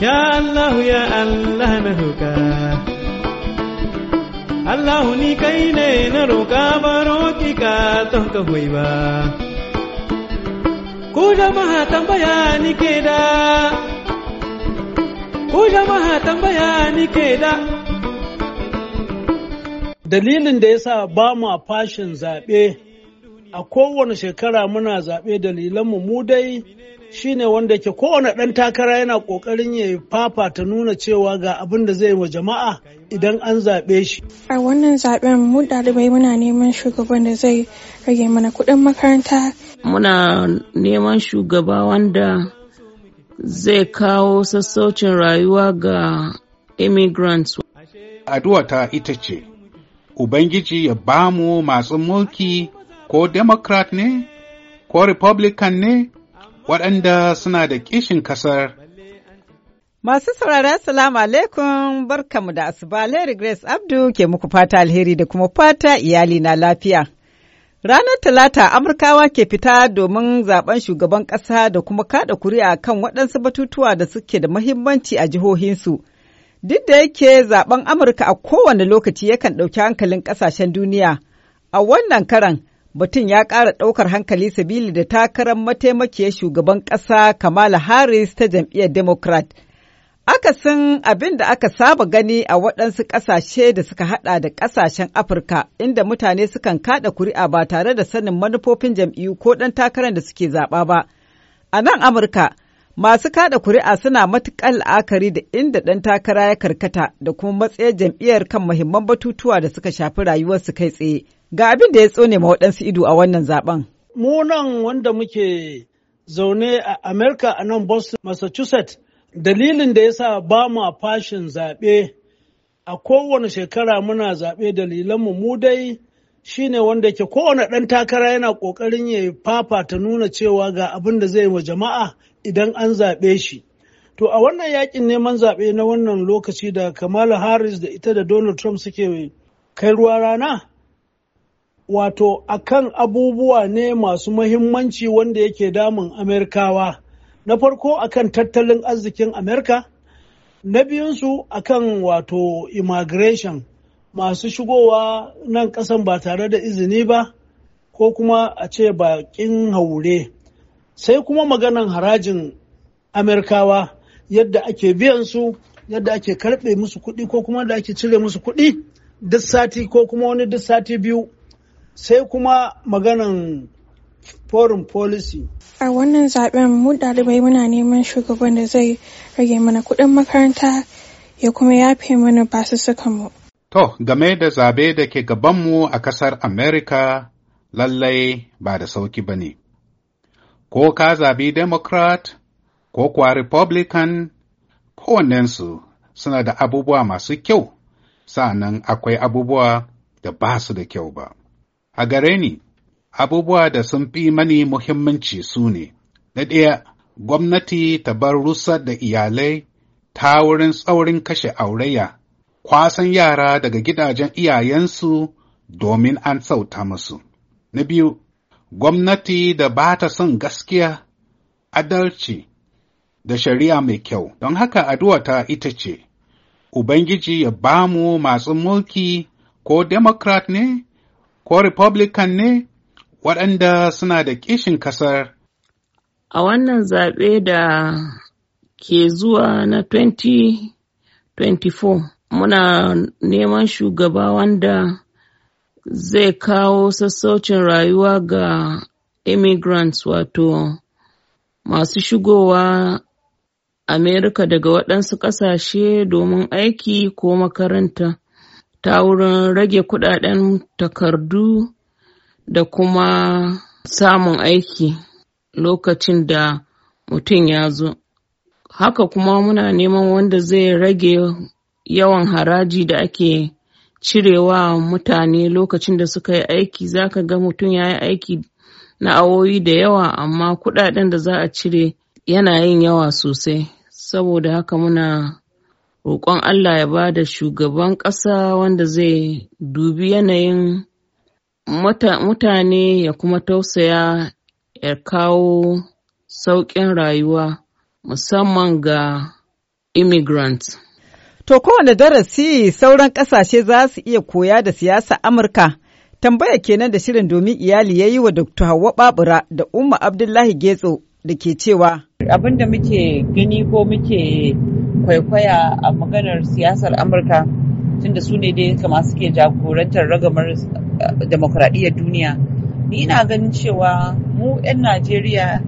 Ya Allah ya Allah na roƙa Allah ni kai ne na roƙa baro ki ka ton ka hoyi ba Ku jama'a tambaya ni ke da Ku jama'a tambaya ni ke da Dalilin da yasa ba mu fashin zaɓe a kowane shekara muna zaɓe mu mu dai shine wanda ke kowane ɗan takara yana ƙoƙarin ya fafa ta nuna cewa ga abin da zai wa jama'a idan an zaɓe shi. A wannan zaɓen mu ɗalibai muna neman shugaban da zai rage mana kuɗin makaranta. Muna neman shugaba wanda zai kawo sassaucin rayuwa ga immigrants. Addu'a ta ita ce, Ubangiji ya bamu masu mulki ko Democrat ne, ko Republican ne, waɗanda suna da kishin kasar. Masu saurara salamu alaikum barkamu da asuba Larry Grace Abdu ke muku fata alheri da kuma fata iyali na lafiya. Ranar Talata Amurkawa ke fita domin zaben shugaban ƙasa da kuma kaɗa kuri'a kan waɗansu batutuwa da suke da mahimmanci a jihohinsu. Duk da yake zaben Amurka a kowane lokaci yakan ɗauki hankalin ƙasashen duniya, a wannan karan mutum ya ƙara ɗaukar hankali sabili da takarar mataimakiya shugaban ƙasa Kamala Harris ta jam'iyyar Democrat. Akasin abin da aka saba gani a waɗansu ƙasashe da suka haɗa da ƙasashen Afirka inda mutane sukan kaɗa kuri'a ba tare da sanin manufofin jam'iyyu ko ɗan takarar da suke zaɓa ba. A nan Amurka, masu kaɗa kuri'a suna matuƙar la'akari da inda ɗan takara ya karkata da kuma matsayar jam'iyyar kan muhimman batutuwa da suka shafi rayuwarsu kai tsaye. Ga abin da ya tsone ma waɗansu ido a wannan zaben. Mu nan wanda muke zaune a Amerika a nan Boston, Massachusetts, dalilin da ya sa ba ma fashin zaɓe a kowane shekara muna zaɓe dalilanmu mu dai shi ne wanda yake kowane ɗan takara yana ƙoƙarin ya fafa ta nuna cewa ga abin da zai wa jama'a idan an zaɓe shi. To a wannan yakin neman zaɓe na wannan lokaci da Kamala Harris da ita da Donald Trump suke kai ruwa rana, wato akan abubuwa ne masu mahimmanci wanda yake damun Amerikawa. Na farko akan tattalin arzikin Amerika, na biyunsu akan wato immigration masu shigowa nan kasan ba tare da izini ba ko kuma a ce baƙin haure. Sai kuma maganan harajin Amerikawa yadda ake biyan su, yadda ake karbe musu kuɗi ko kuma da ake cire musu kuɗi duk sati ko kuma wani duk sati biyu. sai kuma maganan foreign policy. A wannan zaben mu ɗalibai muna neman shugaban da zai rage mana kuɗin makaranta ya kuma yafe mana basu suka mu. To, game da zabe da ke gabanmu a ƙasar Amerika lallai ba da sauki ba ne. Ko ka zabi Democrat, ko kuwa Republican, kowannensu suna da abubuwa masu kyau, sa'annan akwai abubuwa da ba su da kyau ba. A gare ni, abubuwa da sun fi mani muhimmanci su ne, na ɗaya, gwamnati ta bar rusa da iyalai ta wurin tsaurin kashe aureya. kwasan yara daga gidajen iyayensu domin an sauta musu. Na biyu, gwamnati da ba ta son gaskiya, adalci da shari'a mai kyau, don haka addu'ata ita ce, Ubangiji ya ba mu masu mulki ko Democrat ne ko Republican ne waɗanda suna da kishin kasar. A wannan zaɓe da ke zuwa na 2024 muna neman shugaba wanda zai kawo sassaucin rayuwa ga immigrants wato masu shigowa Amerika daga waɗansu ƙasashe domin aiki ko makaranta. ta wurin rage kudaden takardu da kuma samun aiki lokacin da mutum ya zo. Haka kuma muna neman wanda zai rage yawan haraji da ake cirewa mutane lokacin da suka yi aiki za ka ga mutum ya yi aiki na awoyi da yawa amma kudaden da za a cire yana yin yawa sosai saboda haka muna roƙon Allah ya ba da shugaban ƙasa wanda zai dubi yanayin mutane ya kuma tausaya ya kawo sauƙin rayuwa musamman ga immigrants. To kowane darasi sauran ƙasashe za su iya koya da siyasa Amurka. Tambaya kenan da shirin domin iyali ya yi wa Dr. Hauwa Babura da Umma Abdullahi Getso da ke cewa. Abin da muke gani ko muke kwaikwaya a maganar siyasar amurka tunda su ne dai kama suke jagorantar ragamar eh, demokradiyyar duniya ni na ganin cewa mu 'yan najeriya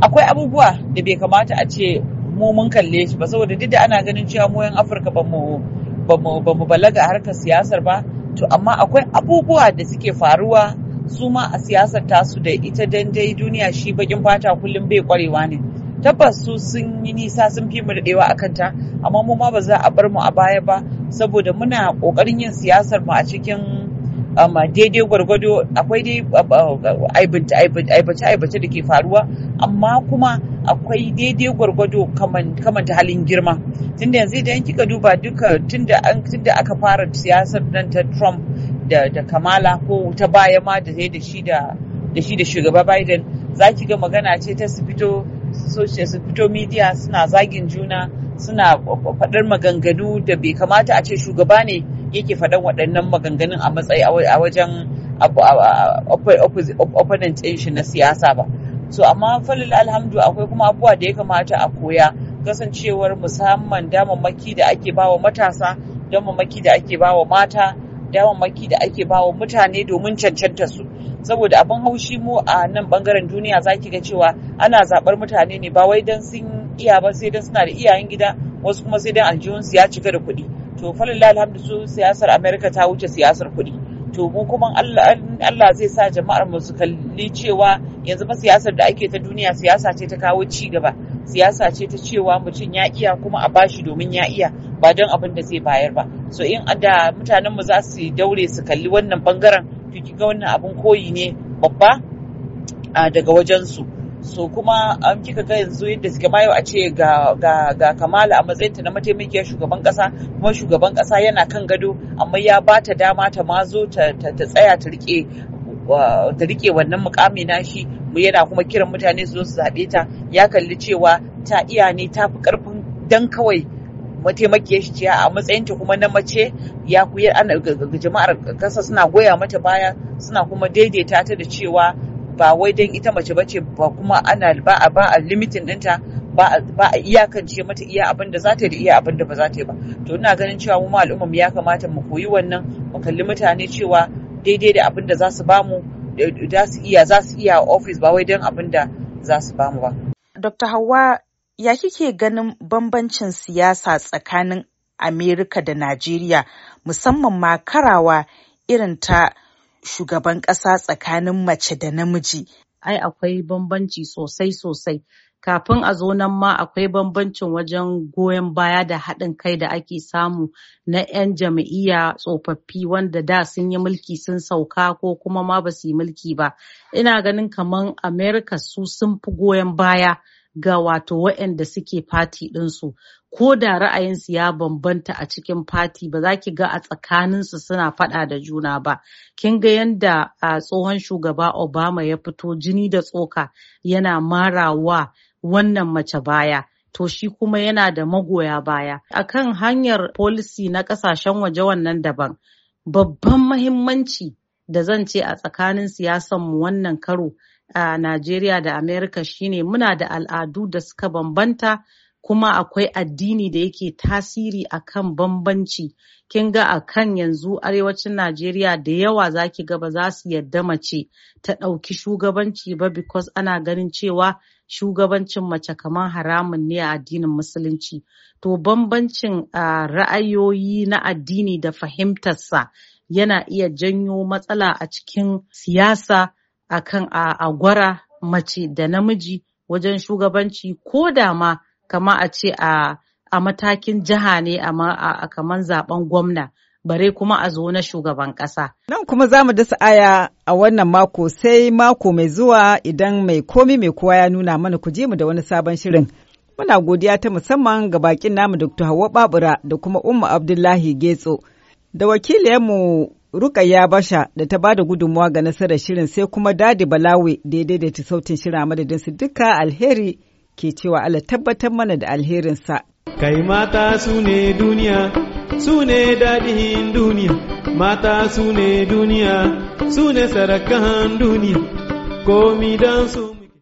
akwai abubuwa da bai kamata a ce mu mun kalle shi ba saboda duk da ana ganin cewa mu 'yan afirka ba mu balaga harkar siyasar ba to amma akwai abubuwa da suke faruwa su ma a siyasar tasu da ita dandai duniya shi bakin fata kullum bai kwarewa ne tabbas su sun yi nisa sun fi mu daɗewa a kanta amma mu ma ba za a bar mu a baya ba saboda muna ƙoƙarin yin siyasar mu a cikin um, daidai gwargwado akwai dai um, um, aibace aibace da ke faruwa amma kuma akwai daidai gwargwado kamanta halin girma tunda yanzu idan kika duba duka tunda aka fara siyasar nan ta trump da kamala ko ta baya ma da shi da shi da shugaba biden za ki ga magana ce ta su fito social su fito media suna zagin juna suna faɗar maganganu da bai kamata a ce shugaba ne yake faɗan waɗannan maganganun a matsayi a wajen opponent ɗin shi na siyasa ba so amma falil alhamdu akwai kuma abubuwa da ya kamata a koya kasancewar musamman damammaki da ake bawa matasa damammaki da ake bawa mata damammaki da ake bawa mutane domin cancanta su saboda abin haushi mu a nan bangaren duniya za ki ga cewa ana zabar mutane ne ba wai dan sun iya ba sai dan suna da iyayen gida wasu kuma sai dan aljihunsu ya cika da kuɗi to falalla alhamdu su siyasar Amurka ta wuce siyasar kuɗi to mu kuma Allah zai sa jama'ar mu kalli cewa yanzu ba siyasar da ake ta duniya siyasa ce ta kawo ci gaba siyasa ce ta cewa mutum ya iya kuma a bashi domin ya iya ba don abin da zai bayar ba so in da mutanen mu za su daure su kalli wannan bangaren to kiga wannan abin koyi ne babba daga wajen su so kuma an kika ga yanzu yadda suke mayo a ce ga, ga, ga kamala a matsayinta na mataimakiyar shugaban kasa kuma shugaban kasa yana kan gado amma ya ba ta dama ta mazo ta, tsaya ta rike ta rike wannan mukami shi mu yana kuma kiran mutane su zo su zaɓe ta ya kalli cewa ta iya ne ta fi karfin dan kawai mataimakiyar shi ce a matsayin ta kuma na mace ya kuya ana jama'ar kasa suna goya mata baya suna kuma daidaita ta da cewa ba wai don ita mace bace ba kuma ana ba a ba a limitin dinta, ba a iyakance mata iya abin da za ta yi da iya abin da ba za ta yi ba to ina ganin cewa mu al'umma ya kamata mu koyi wannan mu kalli mutane cewa daidai da abin da za su ba mu, za su iya za su iya ofis ba wai don abin da za su ba mu ba. Dr. Hauwa ya kike ganin bambancin siyasa tsakanin Amerika da Najeriya musamman ma karawa irin ta shugaban ƙasa tsakanin mace da namiji? Ai akwai bambanci sosai sosai. Kafin a zo nan ma akwai bambancin wajen goyon baya da haɗin kai da ake samu na 'yan jam'iyya tsofaffi wanda da sun yi mulki sun sauka ko kuma ma ba su yi mulki ba. Ina ganin kamar Amerika su sun fi goyon baya ga wato waɗanda suke fati ɗinsu ko da ra'ayinsu ya bambanta a cikin fati ba za ki ga a tsakaninsu suna faɗa da juna ba kin ga yadda tsohon shugaba obama ya fito jini da tsoka yana marawa wannan mace baya to shi kuma yana da magoya baya akan hanyar policy na ƙasashen waje wannan daban babban mahimmanci da zan ce a tsakanin siyasan mu wannan karo a Najeriya da Amerika shine muna da al'adu da suka bambanta kuma akwai addini da yake tasiri akan bambanci kin ga a kan yanzu arewacin Najeriya da yawa zaki ga ba za su yadda mace ta ɗauki shugabanci ba because ana ganin cewa shugabancin mace kamar haramun ne a addinin musulunci to bambancin ra'ayoyi na addini da fahimtarsa yana iya janyo matsala a cikin siyasa akan a gwara mace da namiji wajen shugabanci ko da ma kama a ce a matakin jiha ne a kaman zaben gwamna bare kuma a zo na shugaban kasa. Nan kuma za mu dasa aya a wannan mako sai mako mai zuwa idan mai komi mai kowa ya nuna mana ku je mu da wani sabon shirin. Muna godiya ta musamman ga bakin namu Dr. Hauwa Babura da kuma Umma Abdullahi Getso. Da wakiliyarmu Rukayya Basha da ta bada gudunmuwa ga nasarar shirin sai kuma Dadi Balawe da ya daidaita sautin shirin a madadin su duka alheri ke cewa Allah tabbatar mana da alherinsa. Kai mata su ne duniya, su ne dadihin duniya, mata su ne duniya, su ne sarakan duniya, komi don su.